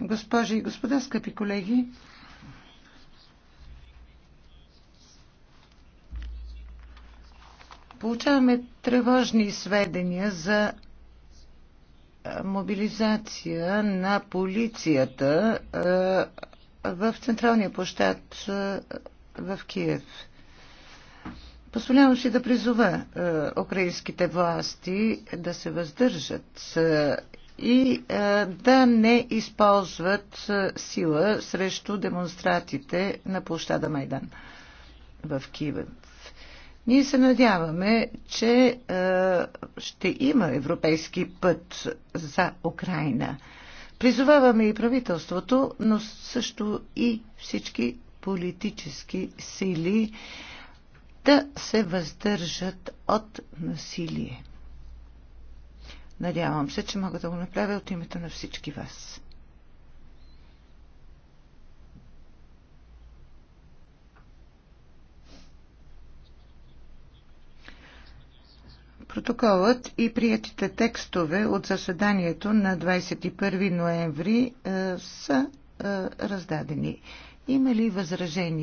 Госпожи и господа, скъпи колеги, получаваме тревожни сведения за мобилизация на полицията в Централния площад в Киев. Позволявам си да призова украинските власти да се въздържат и е, да не използват е, сила срещу демонстратите на площада Майдан в Киев. Ние се надяваме, че е, ще има европейски път за Украина. Призоваваме и правителството, но също и всички политически сили да се въздържат от насилие. Надявам се, че мога да го направя от името на всички вас. Протоколът и приятите текстове от заседанието на 21 ноември е, са е, раздадени. Има ли възражения?